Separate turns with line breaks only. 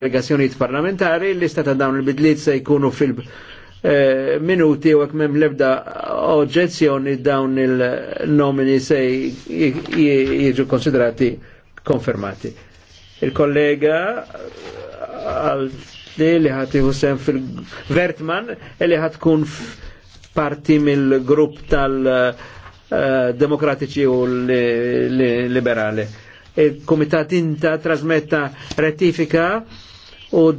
delegazzjoniet parlamentari, l-lista ta' dawn il-bidliet se jkunu fil-minuti eh, u għakmem lebda oġġezzjoni dawn il-nomini se jieġu konsiderati konfermati. Il-kollega għaldi li ħati Hussein fil-Vertman e li ħat kun parti mill-grupp tal-demokratiċi eh, u liberali il-Komitat Inta trasmetta rettifika
u